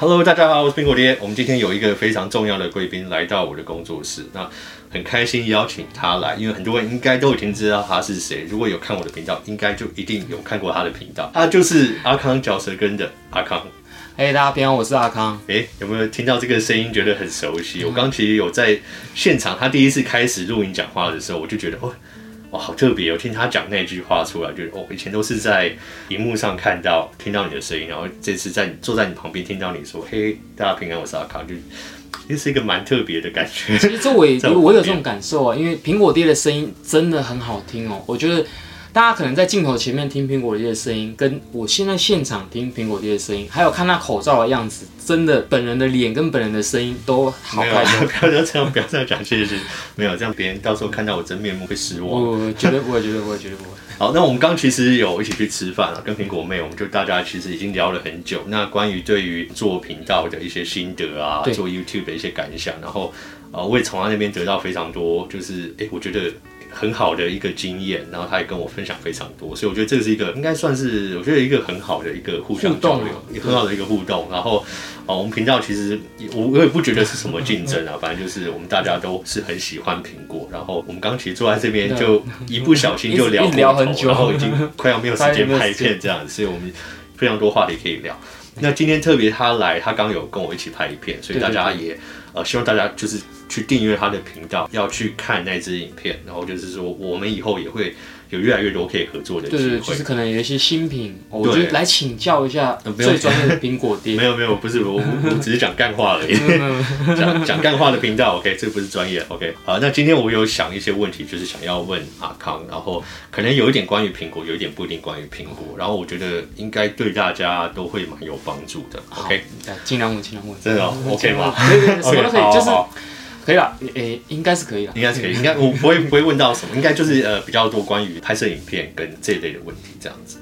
Hello，大家好，我是蘋果爹。我們今天有一個非常重要的貴賓來到我的工作室，那很開心邀請他來，因為很多人應該都已經知道他是誰。如果有看我的頻道，應該就一定有看過他的頻道。他、啊、就是阿康嚼舌根的阿康。Hey，大家好，我是阿康。哎、欸，有沒有聽到這個聲音覺得很熟悉？嗯、我剛其實有在現場，他第一次開始錄音講話的時候，我就覺得哦。哇，好特別哦！我聽他講那句話出來，就是哦，以前都是在熒幕上看到、聽到你的聲音，然後這次在你坐在你旁邊聽到你說“嘿，大家平安，我是阿康”，就是一個蠻特別的感覺。其實作我我，我有這種感受啊，因為蘋果爹的聲音真的很好聽哦，我覺得。大家可能在鏡頭前面聽蘋果爹的聲音，跟我現在現場聽蘋果爹的聲音，還有看他口罩的樣子，真的本人的臉跟本人的聲音都好……沒有、啊，不要這樣，不要這樣講，謝謝。沒有這樣，別人到時候看到我真面目會失望。我絕對不會，絕對不會，絕對不會。好，那我們剛其實有一起去吃飯了，跟蘋果妹，我們就大家其實已經聊了很久。那關於對於做頻道的一些心得啊，做 YouTube 的一些感想，然後，我也從他那邊得到非常多，就是，哎、欸，我覺得。很好的一個經驗，然後他也跟我分享非常多，所以我覺得這是一個應該算是，我覺得一個很好的一個互相交流，也很好的一個互動。然後，哦，我們頻道其實我我也不覺得是什麼競爭啊，反正就是我們大家都是很喜歡蘋果。然後我們剛其實坐在這邊就一不小心就聊很久，然後已經快要沒有時間拍片這樣子，所以我們非常多話題可以聊。那今天特別他來，他剛有跟我一起拍一片，所以大家也呃希望大家就是。去訂閱他的頻道，要去看那支影片，然後就是說，我們以後也會有越來越多可以合作的機會。對，就是可能有一些新品，我就來請教一下最專業的蘋果爹。 沒有沒有，不是我，我只是講幹話了， 講講幹話的頻道。OK，這個不是專業。OK，好，那今天我有想一些問題，就是想要問阿康，然後可能有一點關於蘋果，有一點不一定關於蘋果，然後我覺得應該對大家都會蠻有幫助的。OK，對，盡量問，盡量問，真的、哦、OK 嗎？o、okay, 什麼都可以 好就是。可以了誒、欸，應該是可以了，應該是可以，應該我不會 不會問到什麼，應該就是呃比較多關於拍攝影片跟這一類的問題這樣子。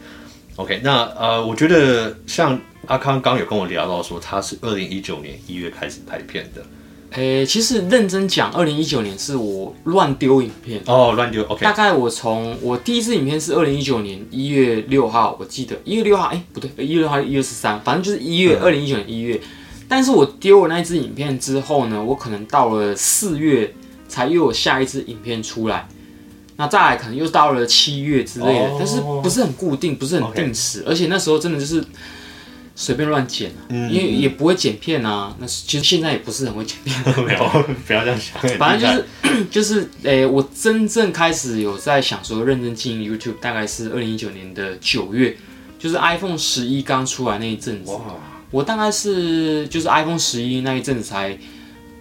OK，那呃，我覺得像阿康剛有跟我聊到說，他是二零一九年一月開始拍片的，誒、欸，其實認真講，二零一九年是我亂丟影片哦，亂丟 OK。大概我從我第一支影片是二零一九年一月六號，我記得一月六號，哎、欸，不對，一月六號、一月十三，反正就是一月、二零一九年一月。嗯但是我丟了那支影片之後呢，我可能到了四月才又有下一支影片出來，那再來可能又到了七月之類的，oh, 但是不是很固定，不是很定時，okay. 而且那時候真的就是隨便亂剪、啊嗯、因為也不會剪片啊，那其實現在也不是很會剪片， 沒有，不要這樣想，反正就是就是、欸、我真正開始有在想說認真經營 YouTube，大概是二零一九年的九月，就是 iPhone 十一剛出來那一陣子。Wow. 我大概是就是 iPhone 十一那一陣子才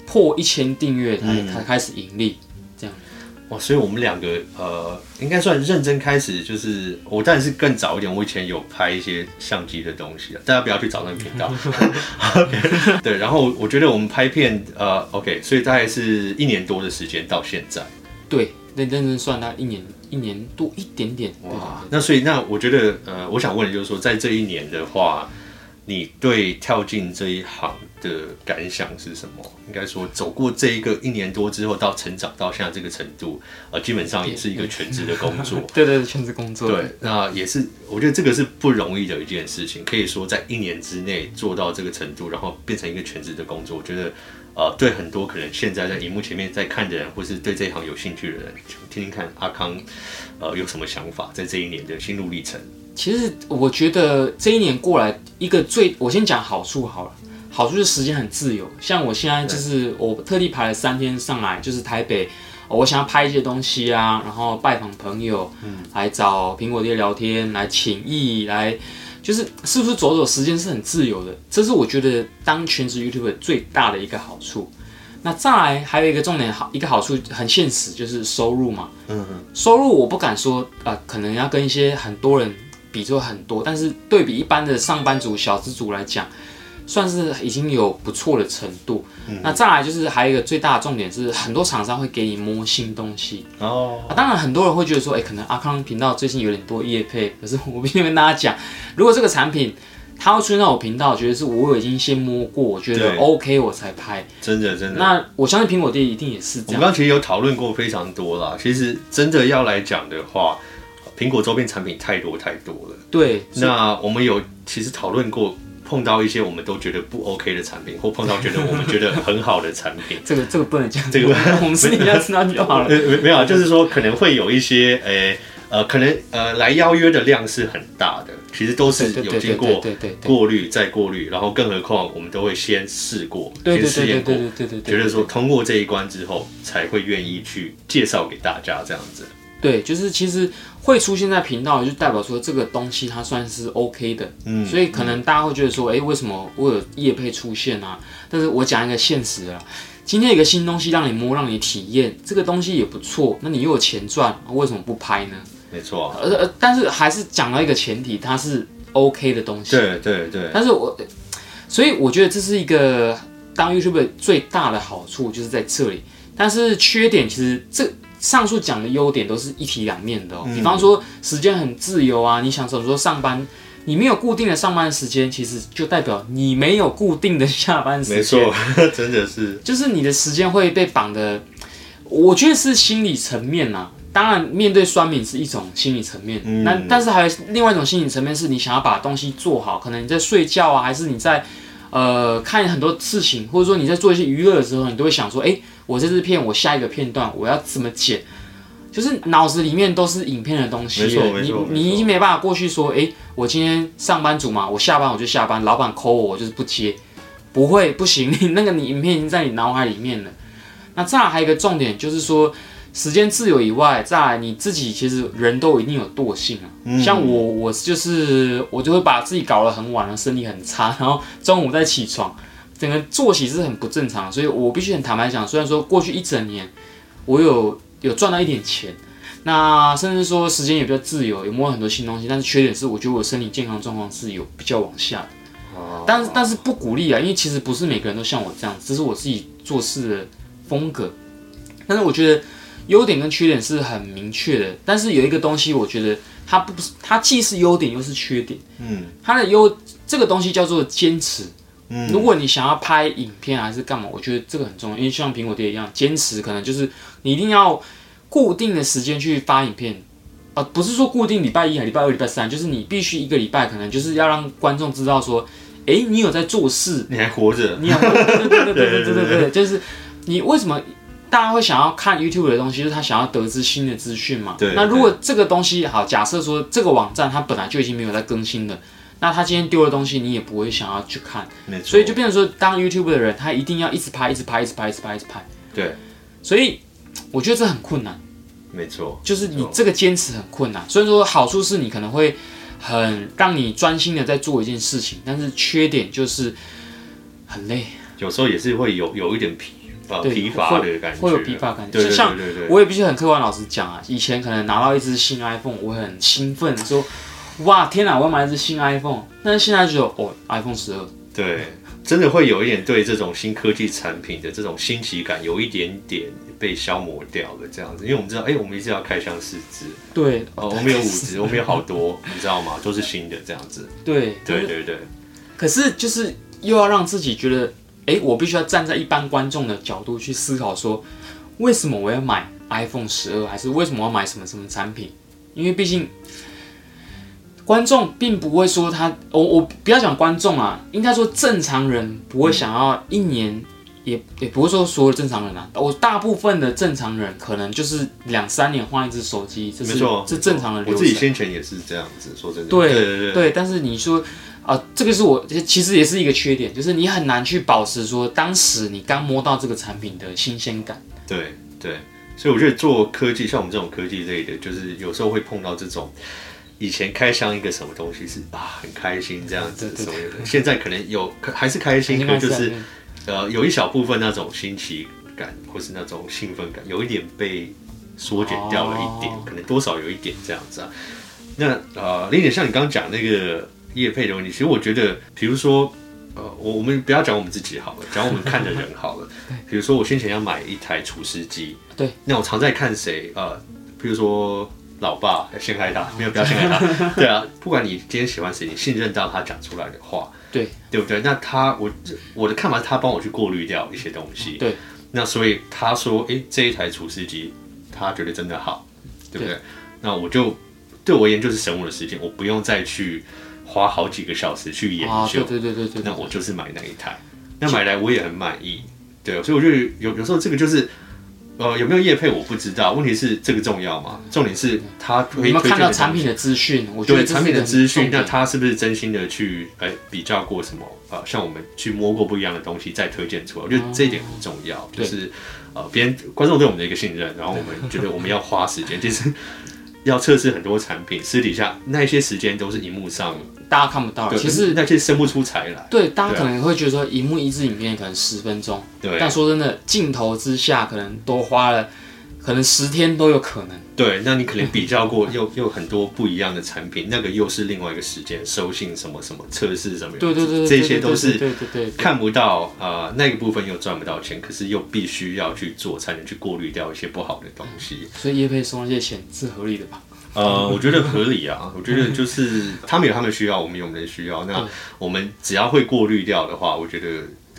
破一千訂閱才才開始盈利這樣、嗯。哇，所以我們兩個呃應該算認真開始，就是我當然是更早一點，我以前有拍一些相機的東西，大家不要去找那個頻道。 對，然後我覺得我們拍片呃 OK，所以大概是一年多的時間到現在。對，認真算到一年一年多一點點。哇，那所以那我覺得呃，我想問的就是說，在這一年的話。你對跳進這一行的感想是什麼？應該說走過這一個一年多之後，到成長到現在這個程度，呃，基本上也是一個全職的工作。對對，全職工作。對，那也是，我覺得這個是不容易的一件事情。可以說在一年之內做到這個程度，然後變成一個全職的工作，我覺得，呃，對很多可能現在在熒幕前面在看的人，或是對這一行有興趣的人，聽聽看阿康，呃，有什麼想法？在這一年的心路歷程。其實我覺得這一年過來，一個最我先講好處好了，好處就是時間很自由。像我現在就是我特地排了三天上來，就是台北，我想要拍一些東西啊，然後拜訪朋友，嗯，來找蘋果爹聊天，來請益，來就是是不是走走時間是很自由的，這是我覺得當全職 YouTuber 最大的一個好處。那再來還有一個重點好，一個好處很現實就是收入嘛，嗯嗯，收入我不敢說啊、呃，可能要跟一些很多人。比作很多，但是對比一般的上班族、小資族來講，算是已經有不錯的程度、嗯。那再來就是還有一個最大的重點就是，很多廠商會給你摸新東西。哦、啊，當然很多人會覺得說，哎，欸，可能阿康頻道最近有點多業配。可是我必須跟大家講，如果這個產品它要出現在我頻道，覺得是我已經先摸過，我覺得 OK 我才拍。真的真的。那我相信蘋果爹一定也是這樣。我剛其實有討論過非常多啦。其實真的要來講的話，蘋果周邊產品太多太多了。對，那我們有其實討論過，碰到一些我們都覺得不 OK 的產品，或碰到覺得我們覺得很好的產品，這個 這個、這個不能講，這個不能 我們私底下知道就好了。 沒沒有，沒有就是說可能會有一些，呃、欸、呃，可能呃來邀約的量是很大的，其實都是有經過對對過濾再過濾，然後更何況我們都會先試過，先試驗過，對對對，覺得說通過這一關之後，才會願意去介紹給大家這樣子。對，就是其實會出現在頻道，就代表說這個東西它算是 OK 的，嗯，所以可能大家會覺得說，哎、欸，為什麼我有業配出現啊？但是我講一個現實啊，今天有一個新東西讓你摸，讓你體驗，這個東西也不錯，那你又有錢賺，為什麼不拍呢？沒錯、啊，呃，但是還是講到一個前提，它是 OK 的東西。對對對。但是我，所以我覺得這是一個當 YouTuber 最大的好處就是在這裡，但是缺點其實這。上述講的優點都是一體兩面的，哦，比、嗯、方說時間很自由啊，你想什麼時候上班，你沒有固定的上班時間，其實就代表你沒有固定的下班時間。沒錯，真的是，就是你的時間會被綁的。我覺得是心理層面吶，啊，當然面對酸民是一種心理層面，嗯，那但是還有另外一種心理層面，是你想要把東西做好，可能你在睡覺啊，還是你在。呃，看很多事情，或者說你在做一些娛樂的時候，你都會想說：哎、欸，我這支片，我下一個片段我要怎麼剪？就是腦子裡面都是影片的東西。沒錯，沒錯，沒錯。你你已經沒辦法過去說：哎、欸，我今天上班族嘛，我下班我就下班，老板摳 call 我，我就是不接，不會，不行。你那個你影片已經在你腦海裡面了。那這樣還有一個重點就是說。時間自由以外，再來你自己，其實人都一定有惰性啊。嗯、像我，我就是我就會把自己搞得很晚了，然後身體很差，然後中午再起床，整個作息是很不正常的。所以我必須很坦白講，雖然說過去一整年我有有賺到一點錢，那甚至說時間也比較自由，有摸很多新東西，但是缺點是，我覺得我身體健康狀況是有比較往下的。哦。但是但是不鼓勵啊，因為其實不是每個人都像我這樣子，這是我自己做事的風格。但是我覺得，優點跟缺點是很明確的，但是有一個東西，我覺得它不是，它既是優點又是缺點。嗯，它的優這個東西叫做堅持。嗯，如果你想要拍影片還是幹嘛，我覺得這個很重要，因為像蘋果爹一樣，堅持可能就是你一定要固定的時間去發影片啊，不是說固定禮拜一還是禮拜二、禮拜三，就是你必須一個禮拜可能就是要讓觀眾知道說，哎，你有在做事，你還活着，你有對對對對對對對，就是你為什麼？大家會想要看 YouTube 的東西，就是他想要得知新的資訊嘛？對。那如果這個東西也好，假設說這個網站它本來就已經沒有在更新了，那他今天丟的東西，你也不會想要去看。沒錯。所以就變成說，當 YouTube 的人，他一定要一直拍，一直拍，一直拍，一直拍，一直拍。對。所以我覺得這很困難。沒錯。就是你這個堅持很困難。所以說好處是你可能會很讓你專心的在做一件事情，但是缺點就是很累，有時候也是會有有一點疲。疲乏的感覺，會,會有疲乏感覺，就像對對對對對我也必須很客觀老實講啊，以前可能拿到一支新 iPhone，我很興奮說，說哇天哪，我要買一支新 iPhone，但是現在只有哦，iPhone 十二，對、嗯，真的會有一點對這種新科技產品的這種新奇感有一點點被消磨掉的這樣子，因為我們知道，哎，我們一直要開箱四支，對，哦，我們有五支，我們有好多，你知道嗎？都是新的這樣子，對，對對,對對，可是就是又要讓自己覺得。哎、欸，我必須要站在一般觀眾的角度去思考說，說為什麼我要買 iPhone 十二，還是為什麼我要買什麼什麼產品？因為畢竟觀眾並不會說他，我我不要講觀眾啊，應該說正常人不會想要一年也，也不是說所有正常人啊，我大部分的正常人可能就是兩三年換一只手機，這是這正常的流程。沒錯，我自己先前也是這樣子，說真的。對對、對、對、對、對。但是你說。啊、呃，這個是我其實也是一個缺點，就是你很難去保持說當時你剛摸到這個產品的新鮮感。對對，所以我覺得做科技，像我們這種科技類的，就是有時候會碰到這種以前開箱一個什麼東西是啊很開心這樣子什麼的，現在可能有還是開心，因為就是呃有一小部分那種新奇感或是那種興奮感，有一點被縮減掉了一點，可能多少有一點這樣子啊。那呃另外像你剛剛講那個。業配的問題，其實我覺得，比如說，呃，我我們不要講我們自己好了，講我們看的人好了。 對。比如說，我先前要買一台廚師機。對。那我常在看誰？呃，比如說老爸，陷害他，沒有不要陷害他。 對啊，不管你今天喜歡誰，你信任到他講出來的話。對。對不對？那他，我我的看法是他幫我去過濾掉一些東西。對。那所以他說，哎、欸，這一台廚師機，他覺得真的好，對不對？對。那我就對我而言就是省我的時間，我不用再去。花好幾個小時去研究，啊、對,對,對,對,對對對對那我就是買那一台，那買來我也很滿意。對，所以我就有有時候這個就是，呃，有沒有業配我不知道。問題是這個重要嗎？重點是他可以推，你有有看到產品的資訊，我覺得對產品的資訊，那他是不是真心的去哎、欸、比較過什麼？呃，像我們去摸過不一樣的東西再推薦出來，我覺得這一點很重要。哦、就是呃，別人觀眾對我們的一個信任，然後我們覺得我們要花時間就是。 要測試很多產品，私底下那些時間都是熒幕上大家看不到，其實那些生不出財來。對，大家可能會覺得說熒幕一支影片可能十分鐘，對，但說真的鏡頭之下可能多花了。可能十天都有可能。對，那你可能比較過，又又很多不一樣的產品， 那個又是另外一個時間收信什麼什麼測試什麼。對，對對對，這些都是對對對看不到啊，那個部分又賺不到錢，可是又必須要去做，才能去過濾掉一些不好的東西。所以也可以送一些錢，是合理的吧？ 呃，我覺得合理啊。我覺得就是他們有他們的需要，我們有我們的需要。那我們只要會過濾掉的話，我覺得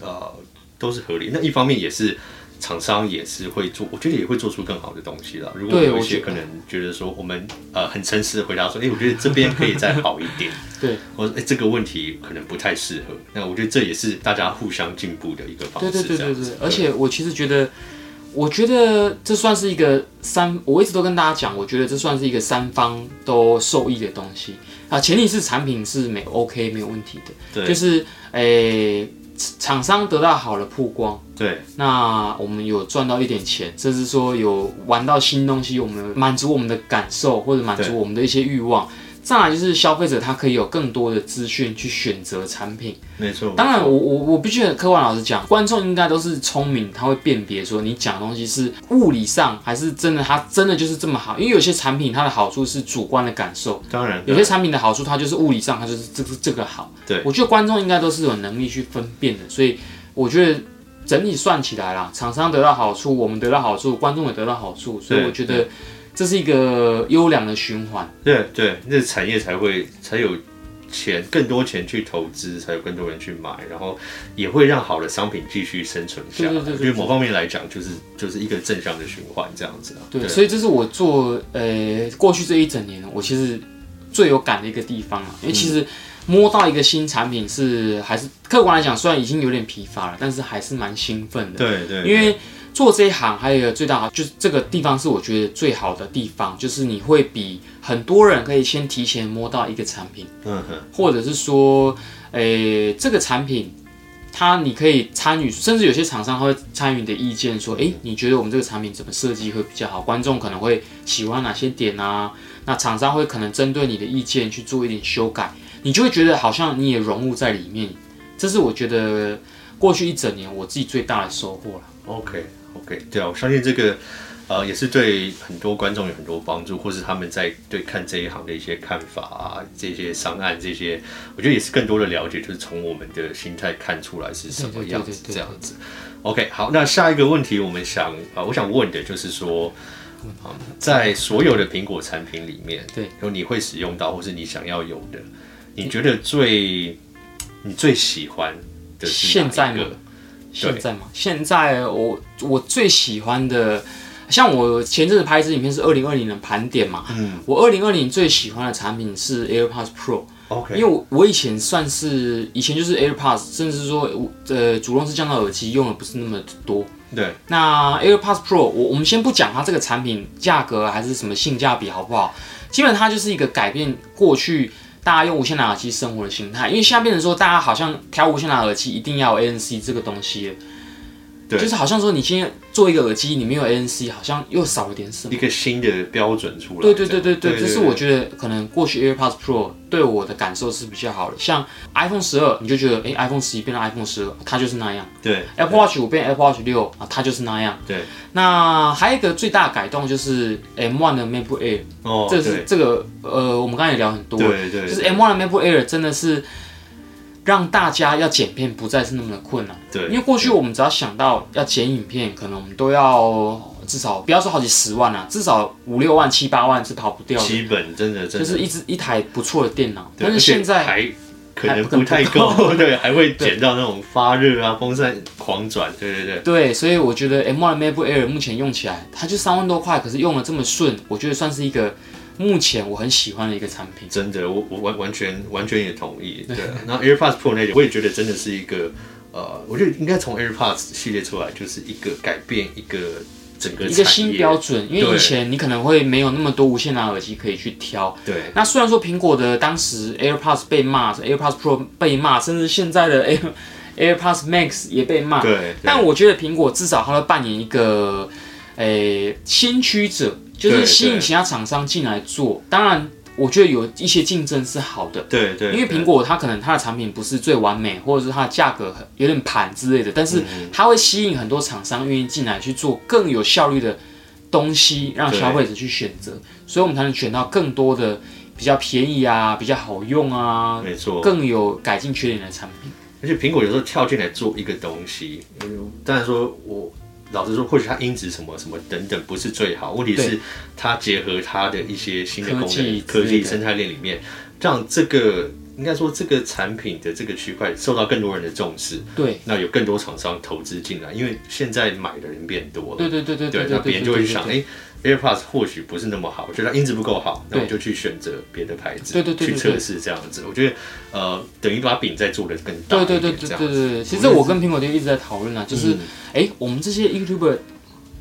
呃都是合理。那一方面也是。廠商也是會做，我覺得也會做出更好的東西了。如果有一些可能覺得說，我們呃很誠實的回答說，哎、欸，我覺得這邊可以再好一點 對，對、欸，我說哎這個問題可能不太適合。那我覺得這也是大家互相進步的一個方式。對對對對，對對對，對，而且我其實覺得，我覺得這算是一個三，我一直都跟大家講，我覺得這算是一個三方都受益的東西啊。前提是產品是沒 OK 沒有問題的，就是哎。廠商得到好的曝光，對，那我們有賺到一點錢，甚至說有玩到新東西，我們滿足我們的感受，或者滿足我們的一些慾望。上來就是消費者，他可以有更多的資訊去選擇產品。沒錯，當然我，我我我必須跟客觀老師講，觀眾應該都是聰明，他會辨別說你講的東西是物理上還是真的，他真的就是這麼好。因為有些產品它的好處是主觀的感受，當然，有些產品的好處它就是物理上，它就是這個，這個好。對，我覺得觀眾應該都是有能力去分辨的，所以我覺得整體算起來啦，廠商得到好處，我們得到好處，觀眾也得到好處，所以我覺得。這是一個優良的循環，對對，那個、產業才會才有錢，更多錢去投資，才有更多人去買，然後也會讓好的商品繼續生存下來。對對對，因為某方面來講，就是就是一個正向的循環這樣子啊。對，對所以這是我做呃過去這一整年，我其實最有感的一個地方啊、嗯，因為其實摸到一個新產品是還是客觀來講，雖然已經有點疲乏了，但是還是蠻興奮的。對對，因為。做這一行還有一個最大的，就是這個地方是我覺得最好的地方，就是你會比很多人可以先提前摸到一個產品，嗯哼，或者是說，誒，這個產品，它你可以參與，甚至有些廠商他會參與你的意見，說，誒，你覺得我們這個產品怎麼設計會比較好？觀眾可能會喜歡哪些點啊？那廠商會可能針對你的意見去做一點修改，你就會覺得好像你也融入在裡面。這是我覺得過去一整年我自己最大的收穫了。OK。OK，對啊，我相信這個，呃，也是對很多觀眾有很多幫助，或是他們在對看這一行的一些看法啊，這些商案這些，我覺得也是更多的了解，就是從我們的心態看出來是什麼樣子，對對對對對對對，這樣子。OK，好，那下一個問題，我們想啊，呃，我想問的就是說，呃，在所有的蘋果產品裡面，對，有你會使用到或是你想要有的，你覺得最你最喜歡的是現在的現在嘛，現在我我最喜歡的，像我前陣子拍一支影片是二零二零的盤點嘛，嗯，我二零二零最喜歡的產品是 AirPods Pro，OK，okay，因為我我以前算是以前就是 AirPods，甚至說我呃主動式降噪耳機用的不是那麼多，對，那 AirPods Pro 我我們先不講它這個產品價格還是什麼性價比好不好，基本它就是一個改變過去。大家用無線耳機生活的心態，因為現在變成說，大家好像挑無線耳機一定要有 ANC 這個東西。就是好像說，你今天做一個耳機，你沒有 ANC，好像又少了點什麼。一個新的標準出來。對對對對對，就是我覺得可能過去 AirPods Pro 對我的感受是比較好的。像 iPhone 十二，你就覺得哎，iPhone 十一變成 iPhone 十二，它就是那樣。對。Apple Watch 五變 Apple Watch 六啊，它就是那樣。對。那還有一個最大的改動就是 M1 的 MacBook Air，這、哦、是這個是、這個、呃，我們剛才也聊很多。對，對對。就是 M1 的 MacBook Air 真的是。讓大家要剪片不再是那麼的困難，對，因為過去我們只要想到要剪影片，可能我們都要至少不要說好幾十萬啊，至少五六萬七八萬是跑不掉的。基本真的，真的，就是一只一台不錯的電腦，但是現在還可能不太夠，對，還會剪到那種發熱啊，風扇狂轉，對對對，對，所以我覺得 M1 MacBook Air 目前用起來它就三萬多塊，可是用了這麼順，我覺得算是一個。目前我很喜歡的一個產品，真的，我我完完全完全也同意。對，對然後 AirPods Pro 那點，我也覺得真的是一個，呃，我覺得應該從 AirPods 系列出來，就是一個改變一個整個產一個新標準。因為以前你可能會沒有那麼多無線藍牙耳機可以去挑。對。那雖然說蘋果的當時 AirPods 被罵，AirPods Pro 被罵，甚至現在的 AirPods Max 也被罵。對。但我覺得蘋果至少它會扮演一個，誒、欸，先驅者。就是吸引其他廠商進來做，當然我覺得有一些競爭是好的，對對，因為蘋果它可能它的產品不是最完美，或者是它的價格有點盤之類的，但是它會吸引很多廠商願意進來去做更有效率的東西，讓消費者去選擇，所以我們才能選到更多的比較便宜啊、比較好用啊，沒錯，更有改進缺點的產品。而且蘋果有時候跳進來做一個東西，但是說我。老實說，或許它音質什麼什麼等等不是最好，問題是它結合它的一些新的功能、科技生態鏈裡面，讓這個應該說這個產品的這個區塊受到更多人的重視。對，那有更多廠商投資進來，因為現在買的人變多了。對對對對對，那別人就會想，哎。AirPods 或許不是那麼好，我覺得它音質不夠好，那我就去選擇別的牌子，對對對對對對，去測試，這樣子。我覺得，呃，等於把餅再做得更大。對對對對對對，其實我跟蘋果爹一直在討論啊，就是，誒，我們這些 YouTuber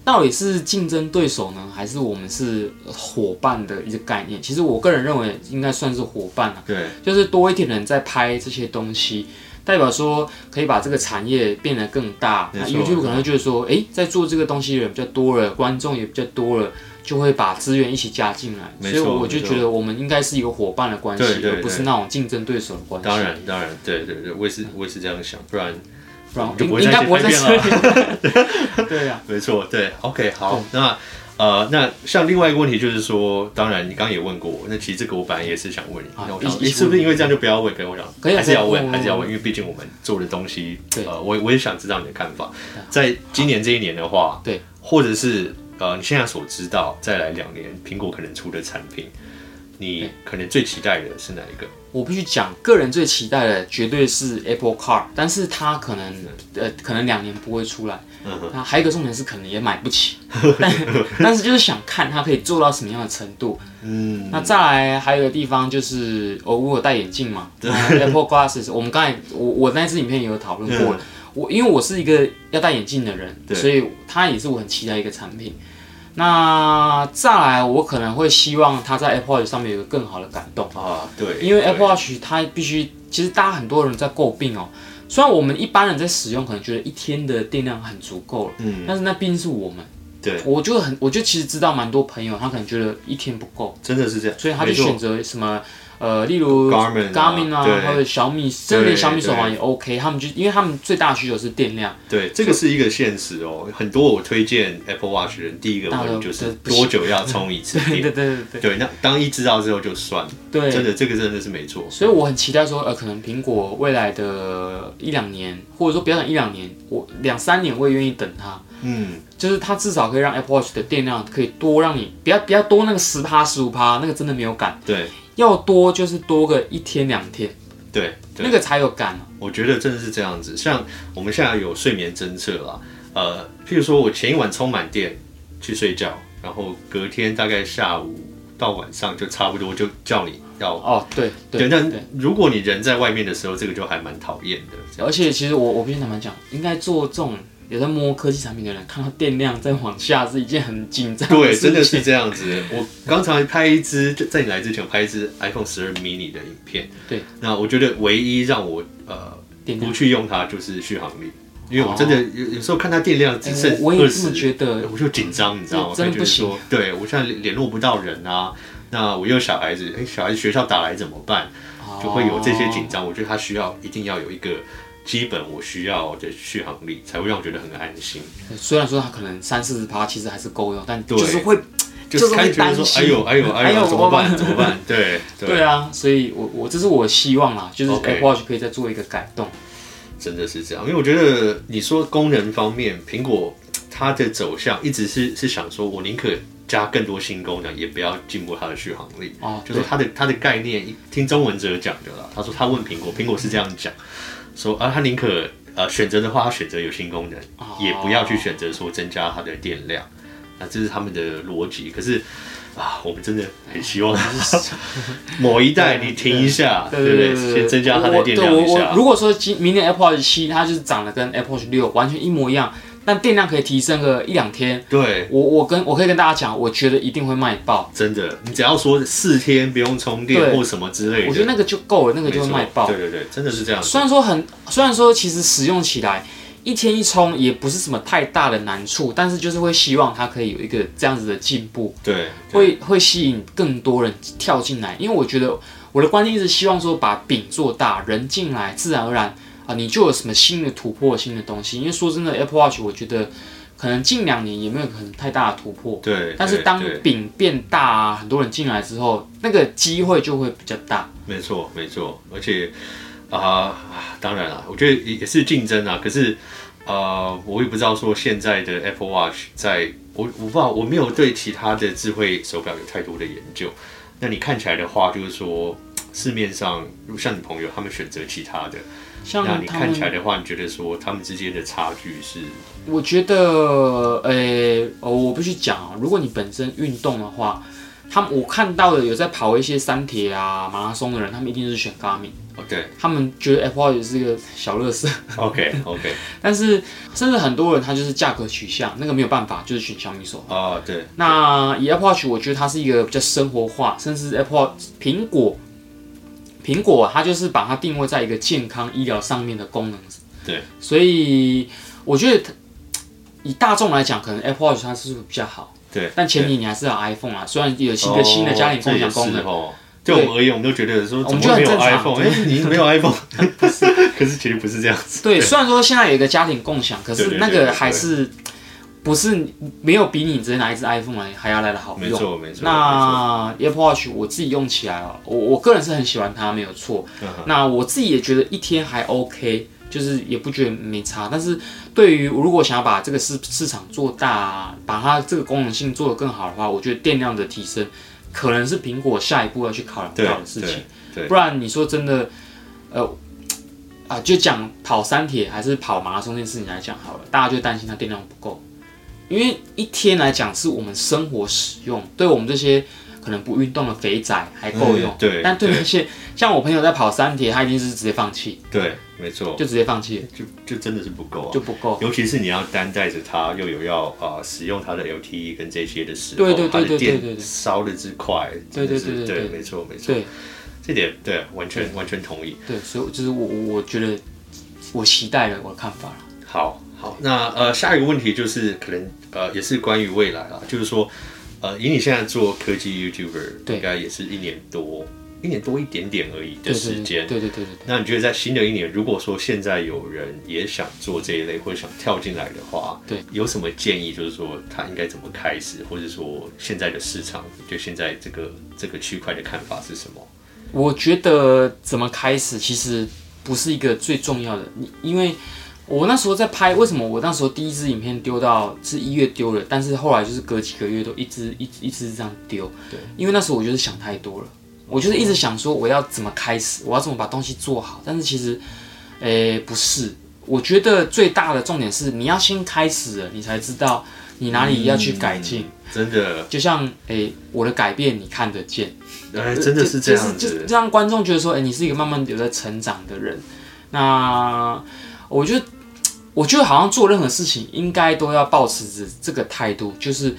到底是競爭對手呢，還是我們是夥伴的一個概念？其實我個人認為應該算是夥伴啊。對。就是多一點人在拍這些東西。代表說可以把這個產業變得更大，那 YouTube 可能就是說，哎、嗯，在做這個東西的人比較多了，觀眾也比較多了，了就會把資源一起加進來，所以我就覺得我們應該是一個夥伴的關係，而不是那種競爭對手的關係。對對對。當然，當然，對對對，我也是、啊、我也是這樣想，不然不然應該不會再變啦。 對呀、啊，沒錯，對，OK，好，嗯、那。呃，那像另外一個問題就是說，當然你剛剛也問過我，那其實這個我本來也是想問你，啊、你是不是因為這樣就不要問？啊、可以我講還是要問，還是要問，因為畢竟我們做的東西，對，呃，我我也想知道你的看法。在今年這一年的話，對，或者是呃，你現在所知道，再來兩年蘋果可能出的產品，你可能最期待的是哪一個？我必須講，個人最期待的絕對是 Apple Car，但是它可能呃，可能兩年不會出來。那還有一個重點是，可能也買不起，但但是就是想看它可以做到什麼樣的程度。嗯，那再來還有一個地方就是，我我戴眼鏡嘛對，Apple Glasses，我們剛才我我那支影片也有討論過、嗯、我因為我是一個要戴眼鏡的人，所以它也是我很期待一個產品。那再來，我可能會希望它在 Apple Watch 上面有個更好的感動啊，對，因為 Apple Watch 它必須，其實大家很多人在詬病哦、喔。雖然我們一般人在使用，可能覺得一天的電量很足夠了，嗯，但是那畢竟是我們，對，我就很，我就其實知道蠻多朋友，他可能覺得一天不夠，真的是這樣，所以他就選擇什麼？呃，例如啊 Garmin 啊，或者小米，甚至小米手環也 OK，他們就因為他們最大的需求是電量。對，這個是一個現實哦。很多我推薦 Apple Watch 人，第一個問就是多久要充一次電？對對對對，對那當一知道之後就算了。對，真的這個真的是沒錯。所以我很期待說，呃，可能蘋果未來的一兩年，或者說不要等一兩年，我兩三年我也願意等它。嗯，就是它至少可以讓 Apple Watch 的電量可以多讓你不要不要多那個十趴十五趴，那個真的沒有感。對。要多就是多個一天兩天，對，對，那個才有感啊。我覺得真的是這樣子，像我們現在有睡眠偵測啊，譬如說我前一晚充滿電去睡覺，然後隔天大概下午到晚上就差不多，就叫你要哦，對，對對，對，但如果你人在外面的時候，這個就還蠻討厭的。而且其實我我必須坦白講，應該做這種。有在摸科技產品的人，看到電量再往下是一件很緊張的事情。對，真的是這樣子。我剛才拍一支，在你來之前我拍一支 iPhone 12 mini 的影片。對。那我覺得唯一讓我呃不去用它，就是續航力。因為我真的有、哦、有時候看它電量只剩20、欸，我也這麼覺得。我就緊張，你知道嗎？我才覺得、就是、說，對，我現在聯絡不到人啊。那我又小孩子，誒、欸，小孩子學校打來怎麼辦？就會有這些緊張、哦。我覺得他需要一定要有一個。基本我需要的續航力才會讓我覺得很安心。雖然說它可能三四十趴，其實還是夠用，但就是會對，就是會覺得說，哎呦哎呦哎呦，呦，怎麼辦怎麼辦？麼辦對對，對啊，所以我我這是我希望啦，就是 Apple Watch 可以再做一個改動。Okay. 真的是這樣，因為我覺得你說功能方面，蘋果它的走向一直是是想說我寧可加更多新功能，也不要進步它的續航力哦、啊，就是它的它的概念，一聽中文者講的了。他說他問蘋果，蘋果是這樣講。嗯說、啊，而他寧可呃選擇的話，他選擇有新功能，也不要去選擇說增加它的電量，那、oh, 這是他們的邏輯。可是，啊，我們真的很希望 某一代你停一下，對不對,對？先增加它的電量一下。我我如果說今明年 Apple Watch 七，它就是長得跟 Apple Watch 六完全一模一樣。但電量可以提升個一兩天，對我我跟我可以跟大家講，我覺得一定會賣爆，真的。你只要說四天不用充電或什麼之類的，我覺得那個就夠了，那個就會賣爆。對對對，真的是這樣。雖然說很，雖然說其實使用起來一天一充也不是什麼太大的難處，但是就是會希望它可以有一個這樣子的進步，對，對會會吸引更多人跳進來，因為我覺得我的觀念是希望說把餅做大，人進來自然而然。啊，你就有什麼新的突破、新的東西？因為說真的，Apple Watch 我覺得可能近兩年也沒有很太大的突破。對。對但是當餅變大、啊，很多人進來之後，那個機會就會比較大。沒錯，沒錯。而且啊、呃，當然啦，我覺得也也是競爭啊。可是呃，我也不知道說現在的 Apple Watch 在我，我不知道，我沒有對其他的智慧手錶有太多的研究。那你看起來的話，就是說市面上如果像你朋友他們選擇其他的。像那你看起來的話，你覺得說他們之間的差距是？我覺得，哎、欸、哦，我不去講啊。如果你本身運動的話，他們我看到的有在跑一些三鐵啊、馬拉松的人，他們一定就是選 Garmin。OK，他們覺得 Apple Watch 也是一個小樂色。 OK，OK、okay, okay.。但是，甚至很多人他就是價格取向，那個沒有辦法，就是選小米手。哦、oh,，對。那以 Apple Watch 我覺得它是一個比較生活化，甚至 Apple Watch 蘋果。蘋果、啊、它就是把它定位在一個健康醫療上面的功能，對，所以我覺得以大眾來講，可能 Apple Watch 它是比較好，對。但前提你還是要 iPhone 啊，雖然有新的、哦、新的家庭共享功能，哦、對我們而言，我們都覺得說有 iPhone，我們就很正常，你沒有 iPhone，因為你沒有 iPhone，可是其實不是這樣子，對對，對。雖然說現在有一個家庭共享，對對對，可是那個還是。對對對不是沒有比你直接拿一支 iPhone 來還要來的好用。沒錯沒錯。那 Apple Watch 我自己用起來哦，我我個人是很喜歡它，沒有錯、嗯。那我自己也覺得一天還 OK，就是也不覺得沒差。但是對於如果想要把這個市市場做大，把它這個功能性做得更好的話，我覺得電量的提升可能是蘋果下一步要去考量到的事情。不然你說真的，呃，啊、呃，就講跑三鐵還是跑馬拉松這件事情來講好了，大家就擔心它電量不夠。因為一天來講，是我們生活使用，對我們這些可能不運動的肥仔還夠用、嗯對。對，但對那些像我朋友在跑三鐵，他一定是直接放棄。對，沒錯。就直接放棄就就真的是不夠、啊，就不夠。尤其是你要單帶著他，又有要啊、呃、使用他的 LTE 跟這些的時候，對對對對對對，他的電燒的之快，是對對對對對，沒錯沒錯。對，對這點對，完全完全同意。對，所以就是我我覺得我期待了我的看法，好。好，那呃，下一個問題就是可能呃，也是關於未來啊，就是說，呃，以你現在做科技 YouTuber，對，應該也是一年多，一年多一點點而已的時間，對對對對，對。那你覺得在新的一年，如果說現在有人也想做這一類，或者想跳進來的話，對，有什麼建議？就是說他應該怎麼開始，或者說現在的市場就現在這個這個區塊的看法是什麼？我覺得怎麼開始其實不是一個最重要的，你因為。我那時候在拍，為什麼我那時候第一支影片丟到是一月丟了，但是後來就是隔幾個月都一直、一直、一直這樣丟。對，因為那時候我就是想太多了，我就是一直想說我要怎麼開始，我要怎麼把東西做好。但是其實，誒、欸，不是，我覺得最大的重點是你要先開始了，你才知道你哪裡要去改進、嗯。真的，就像誒、欸，我的改變你看得見，原、欸、來真的是這樣子，呃就是就是、讓觀眾覺得說，哎、欸，你是一個慢慢有在成長的人。那我覺得。我覺得好像做任何事情應該都要抱持著這個態度，就是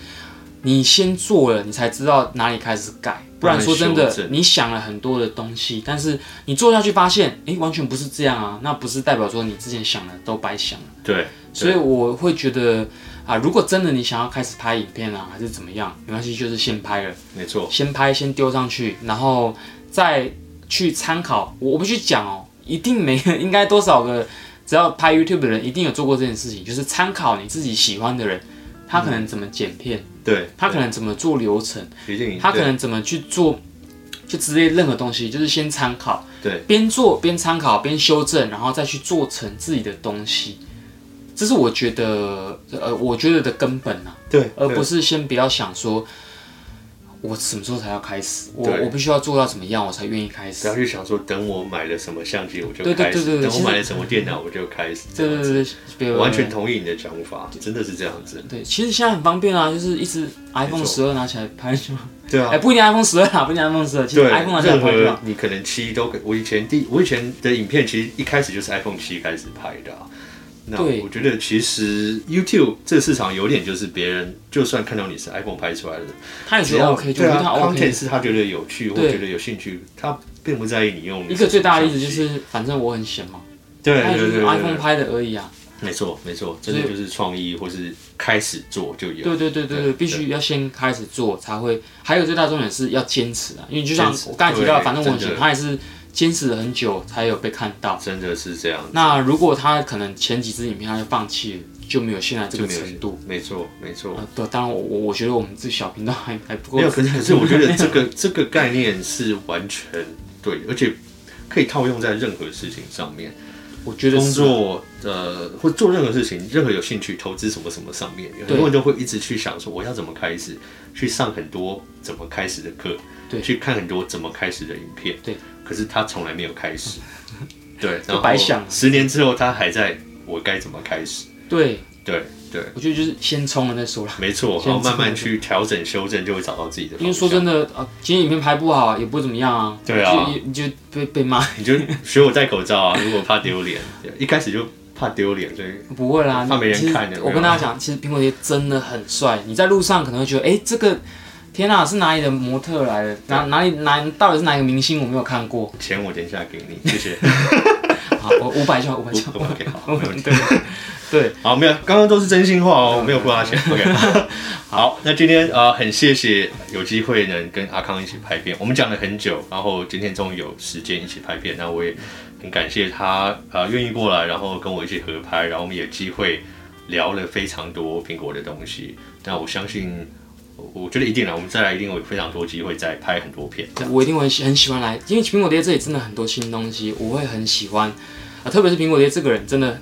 你先做了，你才知道哪裡開始改。不然說真的，你想了很多的東西，但是你做下去發現，誒，完全不是這樣啊！那不是代表說你之前想的都白想了。對，對，所以我會覺得啊，如果真的你想要開始拍影片啊，還是怎麼樣，沒關係，就是先拍了，沒錯，先拍先丟上去，然後再去參考。我不去講哦，一定沒，應該多少個。只要拍 YouTube 的人，一定有做過這件事情，就是參考你自己喜歡的人，他可能怎麼剪片，嗯、對，他可能怎麼做流程，他可能怎麼去做，就之類任何東西，就是先參考，對，邊做邊參考邊修正，然後再去做成自己的東西，這是我覺得，呃，我覺得的根本啊，對，對，而不是先不要想說。我什麼時候才要開始？我我必須要做到怎麼樣，我才願意開始。不要去想說，等我買了什麼相機我就開始，對對對對，等我買了什麼電腦我就開始，對對對對對對對對。對對對，完全同意你的講法，真的是這樣子。對，其實現在很方便啊，就是一支 iPhone 十二拿起來拍就、 啊。對啊，哎、欸，不一定 iPhone 十二啊，不一定 iPhone 十二，其實 iPhone 拿起來拍可以。那個、你可能七都可，我以前第，我以前的影片其實一開始就是 iPhone 七開始拍的、啊。那我覺得其實 YouTube 這個市場有點就是別人就算看到你是 iPhone 拍出來的，他也覺得 OK，對啊，就他 OK，content 是他覺得有趣或覺得有興趣，他並不在意你用一個，最大的例子就是，反正我很閒嘛，對，他也就是 iPhone 拍的而已啊，對對對對，沒錯沒錯，真的就是創意或是開始做就有，對對對對對，對對對，必須要先開始做才會，還有最大重點是要堅持啊，因為就像我剛才提到，反正我很閒他也是。堅持了很久才有被看到，真的是這樣。那如果他可能前幾支影片，他就放棄了就沒有現在這個程度沒沒錯。沒錯，沒錯。呃，對，當然我我覺得我們這小頻道還還不夠。沒有，可是可是我覺得這個 這個概念是完全對的，而且可以套用在任何事情上面。我覺得是工作呃，或做任何事情，任何有興趣投資什麼什麼上面，很多人就會一直去想說我要怎麼開始，去上很多怎麼開始的課，對，去看很多怎麼開始的影片，對。可是他從來沒有開始，對，都白想。十年之後他還在，我該怎麼開始？對，對，對。我覺得就是先衝了再說啦。沒錯，然後慢慢去調整、修正，就會找到自己的。因為說真的啊，今天影片拍不好，也不會怎麼樣啊。對啊就，就就被被罵，你就學我戴口罩啊，如果怕丟臉，一開始就怕丟臉，所以不會啦，怕沒人看的。我跟大家講，其實蘋果爹真的很帥，你在路上可能會覺得，哎、欸，這個。天啊，是哪裡的模特來的？哪哪裡哪裡？到底是哪一個明星？我沒有看過。錢我等一下給你，謝謝。 好，我五百就好，五百就好。OK，好，沒有問題。對，好，沒有。剛剛都是真心話哦， 我沒有花錢。 OK，好，好，那今天啊，很謝謝有機會能跟阿康一起拍片。我們講了很久，然後今天終於有時間一起拍片。那我也很感謝他啊，願意過來，然後跟我一起合拍，然後我們有機會聊了非常多蘋果的東西。那我相信。我覺得一定啦，我們再來一定有非常多機會再拍很多片。我一定會很喜歡來，因為蘋果爹這裡真的很多新東西，我會很喜歡啊。特別是蘋果爹這個人，真的，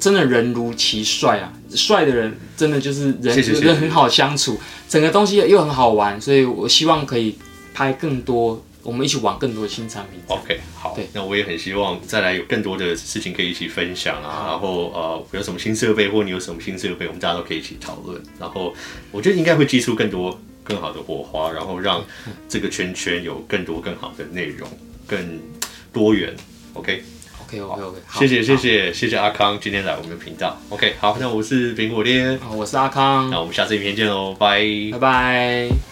真的人如其帥啊，帥的人真的就是人就是人很好相處，整個東西又很好玩，所以我希望可以拍更多。我們一起玩更多的新產品。OK，好。對，那我也很希望再來有更多的事情可以一起分享啊，然後呃，有什麼新設備或你有什麼新設備，我們大家都可以一起討論。然後我覺得應該會激出更多更好的火花，然後讓這個圈圈有更多更好的內容，更多元。OK，OK，OK，OK、okay? okay, okay, okay,。好，謝謝，謝謝，謝謝阿康今天來我們的頻道。OK，好，那我是蘋果爹。我是阿康，那我們下次影片見嘍，拜拜拜。Bye bye